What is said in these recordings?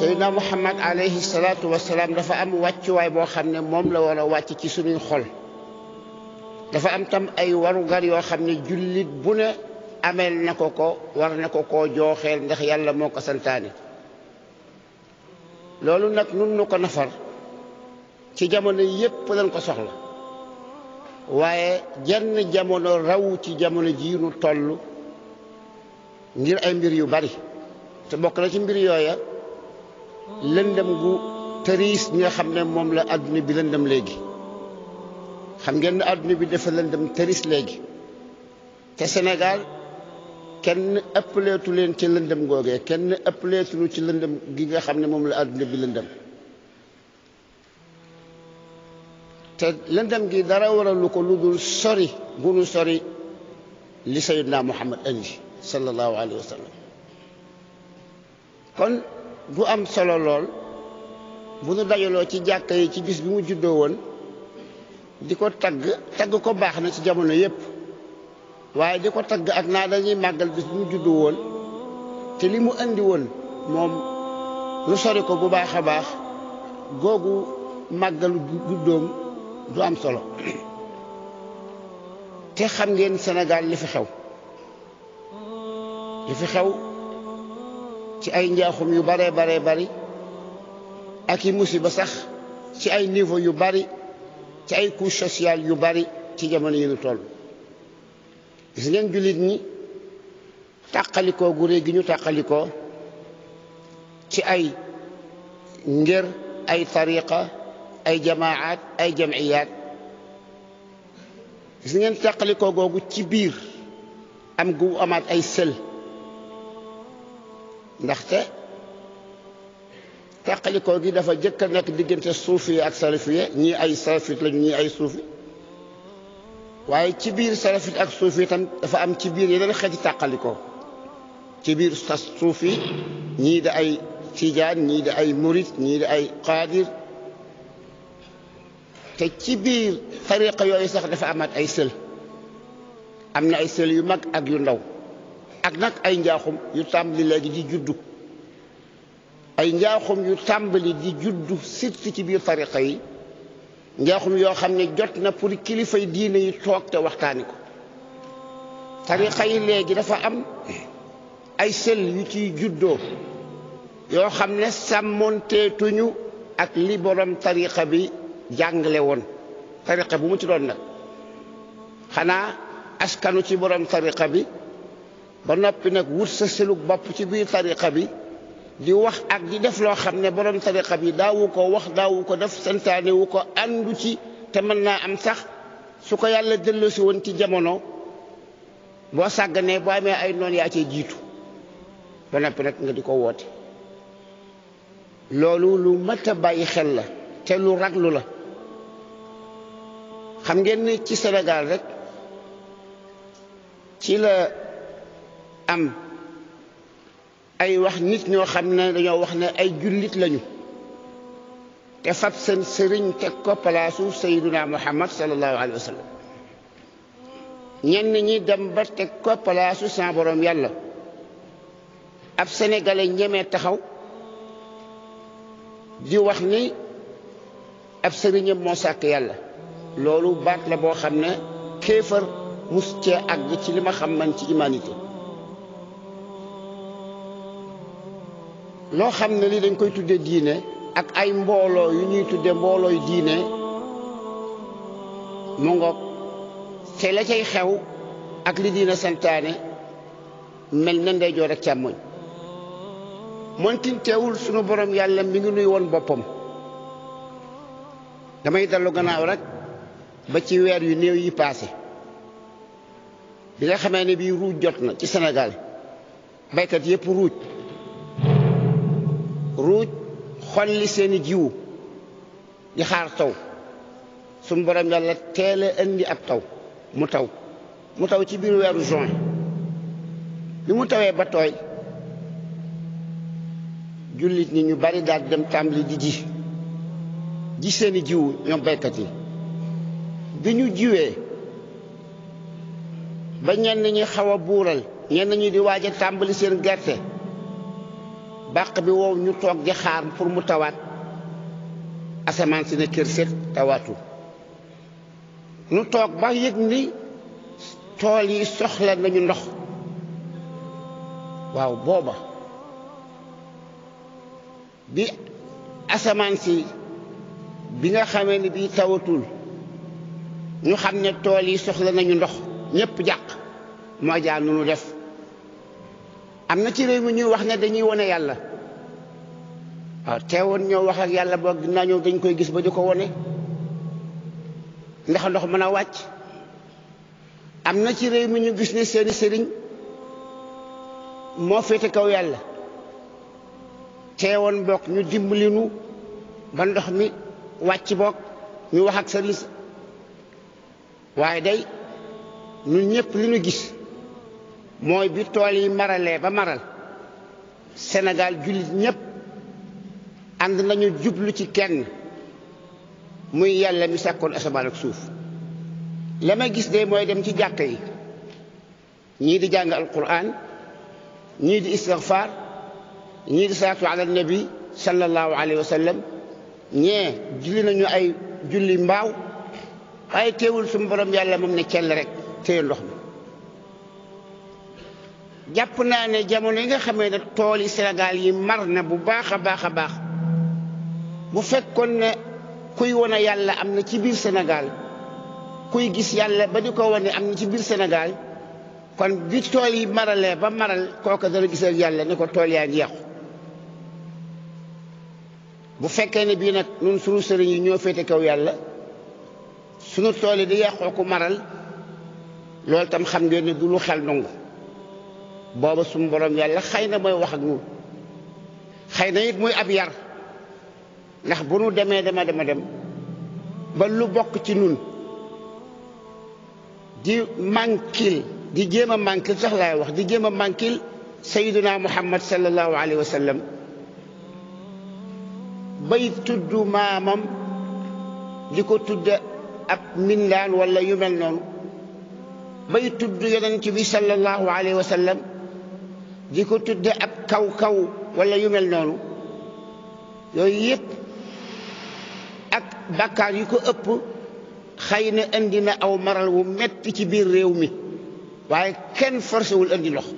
Seydina Muhammad alayhi salaatu wa dafa am wàccuwaay boo xam ne moom la war a wàcc ci suñuy xol dafa am tam ay warugar yoo xam ne jullit bu ne ameel na ko ko war na ko koo jooxeel ndax yàlla moo ko santaane loolu nag nun nu ko nafar ci jamono yépp lan ko soxla waaye jenn jamono raw ci jamono jii nu toll ngir ay mbir yu bari te bokk na ci mbir yooya lëndëm gu tëriis nga xam ne moom la àdduna bi lëndëm léegi xam ngeen àdduna bi dafa lëndëm tëriis léegi te Sénégal kenn ëppaleetu leen ci lëndëm googee kenn ëppaleetulu ci lëndëm gi nga xam ne moom la àdduna bi lëndëm te gi dara waralu ko lu dul sori bu nu sori li sayyidna Muhammad andi sallallahu alayhi wa sallam kon du am solo lool bu nu dajaloo ci jàkka yi ci bis bi mu juddoo woon di ko tagg tagg ko baax na ci jamono yépp waaye di ko tagg ak naa dañuy màggal bis bi mu juddoo woon te li mu andi woon moom nu sori ko bu baax a baax googu màggalu guddoom du am solo te xam ngeen Sénégal li fi xew li fi xew ci ay njaaxum yu bare bare bari ak i musiba sax ci ay niveau yu bari ci ay couche sociale yu bari ci jamono yi ñu toll gis ngeen jullit ñi tàqalikoo gu réy gi ñu tàqalikoo ci ay ngir ay tariqa ay jamaaat ay jamiyaat gis ngeen càqalikoo googu ci biir am gu amaat ay sel ndaxte càqalikoo gi dafa jëkk a nekk diggante suufi ak salafiye ñii ay salafit lañu ñii ay suufi waaye ci biir salafit ak suufi itam dafa am ci biir yeneen xeeti càqalikoo ci biir sa suufi ñii de ay tijaan ñii da ay murit ñii da ay qaadir te ci biir tariqa yooyu sax dafa amaat ay sël am na ay sël yu mag ak yu ndaw ak nag ay njaaxum yu tàmbali léegi di juddu ay njaaxum yu tàmbali di juddu surtout ci biir tariqa yi njaaxum yoo xam ne jot na pour kilifay diine yi toog te waxtaani ko tariqa yi léegi dafa am ay sël yu ciy juddoo yoo xam ne sàmmoonteetuñu ak li borom tariqa bi jàngale woon tariqa bu mu ci doon nag xanaa askanu ci borom tariqa bi ba noppi nag wut sa selug bopp ci biir tariqa bi di wax ak di def loo xam ne borom tariqa bi daawu ko wax daawu ko def santaane wu ko àndu ci te mën naa am sax su ko yàlla delloosi woon ci jamono boo sàgganee boo amee ay noon yaa cee jiitu ba noppi nag nga di ko woote loolu lu mat bàyyi xel la te lu raglu la xam ngeen ne ci Sénégal rek ci la am ay wax nit ñoo xam ne dañoo wax ne ay jullit lañu te fab seen sëriñ teg ko palaasu sayyiduna Muhammad sallallahu alayhi wa sallam ñenn dem ba teg ko palaasu sa yàlla ab sénégalais ñemee taxaw di wax ni ab sëriñam moo sàkk yàlla loolu baat la boo xam ne kéefar mus cee àgg ci li ma xam man ci humanité loo xam ne lii dañ koy tudde diine ak ay mbooloo yu ñuy tudde mboolooy diine mu ngoog te la cay xew ak li diine santaane mel na ndeyjoor ak càmmoñ montin teewul sunu borom yàlla mi ngi nuy woon boppam damay dellu gannaaw rekk ba ci weer yu néew yi paase bi nga xamee ne bii ruuj jot na ci senegal baykat yépp ruuj ruuj xolli seeni jiw di xaar taw suñu borom yàlla teel a ab taw mu taw mu taw ci biir weeru juin bi mu tawee ba tooy jullit ni ñu bari daal dem tàmbali di ji ji seeni jiw ñoom baykat yi bi ñu jiwee ba ñenn ñi xaw a buural ñenn ñi di waaj a tàmbali seen gerte bàq bi wow ñu toog di xaar pour mu tawaat asamaan si ne kër set tawaatu ñu toog ba yëg ni tool yi soxla nañu ndox waaw booba bi asamaan si bi nga xamee ni bii tawatul ñu xam ne tool yi soxla nañu ndox ñëpp jàq moo jaa nu nu def am na ci réew mi ñuy wax na dañuy wone yàlla waaw teewoon ñoo wax ak yàlla boo naa ñëw dañ koy gis ba di ko wone ndax ndox mën a wàcc am na ci réew ñu gis ne seeni sëriñ moo féete kaw yàlla teewoon bokk ñu dimbali nu ba ndox mi wàcc bokk ñu wax ak sëriñ waaye day ñun ñëpp li ñu gis mooy bi tool yi maralee ba maral Sénégal jullit ñépp ànd nañu jublu ci kenn muy yàlla mi sàkkoon asamaan suuf la ma gis de mooy dem ci jàkk yi ñii di jàng alquran ñii di istigfaar ñii di salaatu ala nabi sallallahu alayhi wa sallam ñee julli nañu ay julli mbaaw waaye teewul suñu borom yàlla moom ne cell rek téye ndox mi jàpp naa ne jamono yi nga xamee ne tool yi Sénégal yi mar na bu baax a baax a baax bu fekkoon ne kuy wone yàlla am na ci biir Sénégal kuy gis yàlla ba di ko wone am na ci biir Sénégal kon bi tool yi maralee ba maral kooka dana gis ak yàlla ne ko tool yaa ngi yàqu bu fekkee ne bii nag ñun suñu sëriñ yi ñoo féete kaw yàlla sunu tool yi di yàqoo ku maral loolu tam xam ngeen ne du lu xel nangu booba suñu borom yàlla xay na mooy wax ak ñun xëy na yit muy ab yar ndax bu nu demee dama dama dem ba lu bokk ci nun di mànkil di jéem a mànkil sax laay wax di jéem a mànkil sayyiduna muhammad sallallahu alayhi wa sallam bay tudd maamam di ko tudda ab mbindaan wala yu mel noonu bay tudd yonent bi sallallahu alayhi wa ko tudde ab kaw-kaw wala yu noonu yooyu yëpp ak bàkkaar yu ko ëpp xëy na indi aw maral wu metti ci biir réew mi waaye kenn forcé wul indi ndox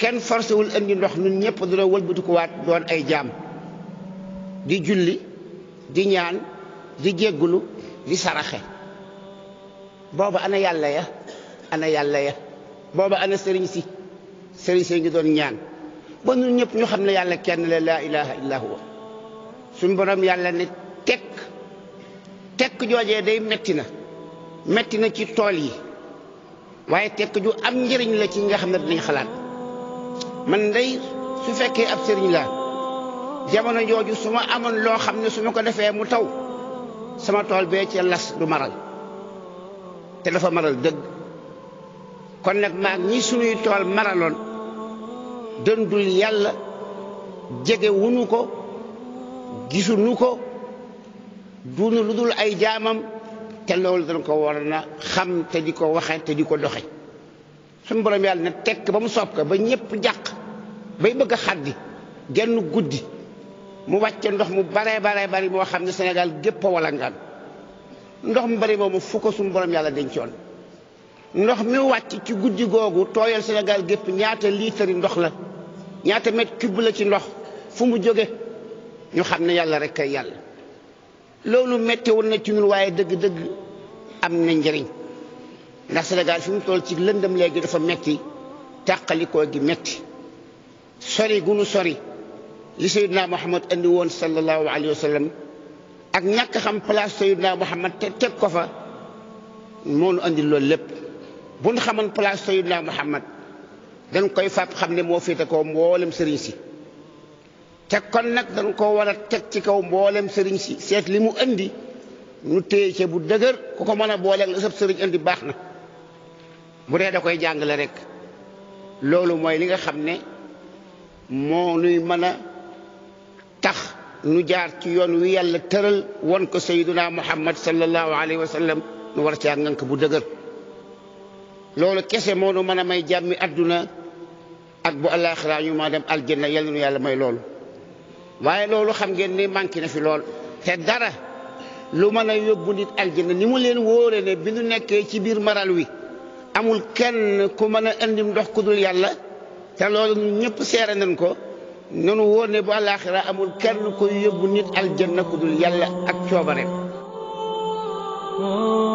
kenn forcé wul indi ndox ñun ñëpp dina wëlbatikuwaat doon ay jaam di julli di ñaan di jéggulu di saraxe booba ana yàlla ya ana yàlla ya booba ana sëriñ si sëriñ si ngi doon ñaan ba ñun ñëpp ñu xam ne yàlla kenn la laa ilaha illa huwa suñ yàlla ne tekk tekk joojee day metti na metti na ci tool yi waaye tekk ju am njëriñ la ci nga xam ne dinañ xalaat man day su fekkee ab sëriñ la jamono jooju su ma amoon loo xam ne su ma ko defee mu taw sama tool bee ci las du maral te dafa maral dëgg kon nag maag ñi sunuy tool maraloon dëndul yàlla jege wunu ko gisunu ko dunu lu dul ay jaamam te loolu dañ ko war na xam te di ko waxe te di ko doxe suñu yàlla na tekk ba mu soob ko ba ñëpp jàq bay bëgg xaddi genn guddi mu wàcce ndox mu baree baree bari moo xam ne Sénégal gépp a walangaan ndox mu bari moomu fu ko suñu borom yàlla dencoon ndox mi wàcc ci guddi googu tooyal Sénégal gépp ñaata liitari ndox la ñaata mètre cube la ci ndox fu mu jóge ñu xam ne yàlla rek kay yàlla loolu metti woon na ci ñun waaye dëgg-dëgg am na njëriñ ndax Sénégal fi mu toll ci lëndëm léegi dafa metti tàqalikoo gi metti sori gu sori لسيدنا محمد اندي وون صلى الله عليه وسلم اك نياك خام سيدنا محمد تيب كوفا مون اندي لول ليب بون خامن بلاص سيدنا محمد دان كوي فاب خامن مو فيتا كو مولم سيرين سي نك دان كو ورا تيك سي كو مولم سيرين سي سيت لي مو اندي نو كوكو مانا بولك لسب سيرين اندي باخنا بو ري داكاي جانغلا لولو موي ليغا خامن مو مانا nu jaar ci yoon wi yàlla tëral won ko sayyiduna muhammad sallallahu alayhi wa sallam nu war caa ngànk bu dëgër loolu kese moo nu mën a may jàmmi adduna ak bu àllaaxira ñu ma dem aljanna yàlla nu yàlla may loolu waaye loolu xam ngeen ni manqué na fi lool te dara lu mën a yóbbu nit aljanna ni mu leen wóore ne bi nu nekkee ci biir maral wi amul kenn ku mën a indi ndox ku dul yàlla te loolu ñëpp seere nañ ko نون ووني بو الاخره امول كن كو يوب الجنه كودول يالا اك توبارم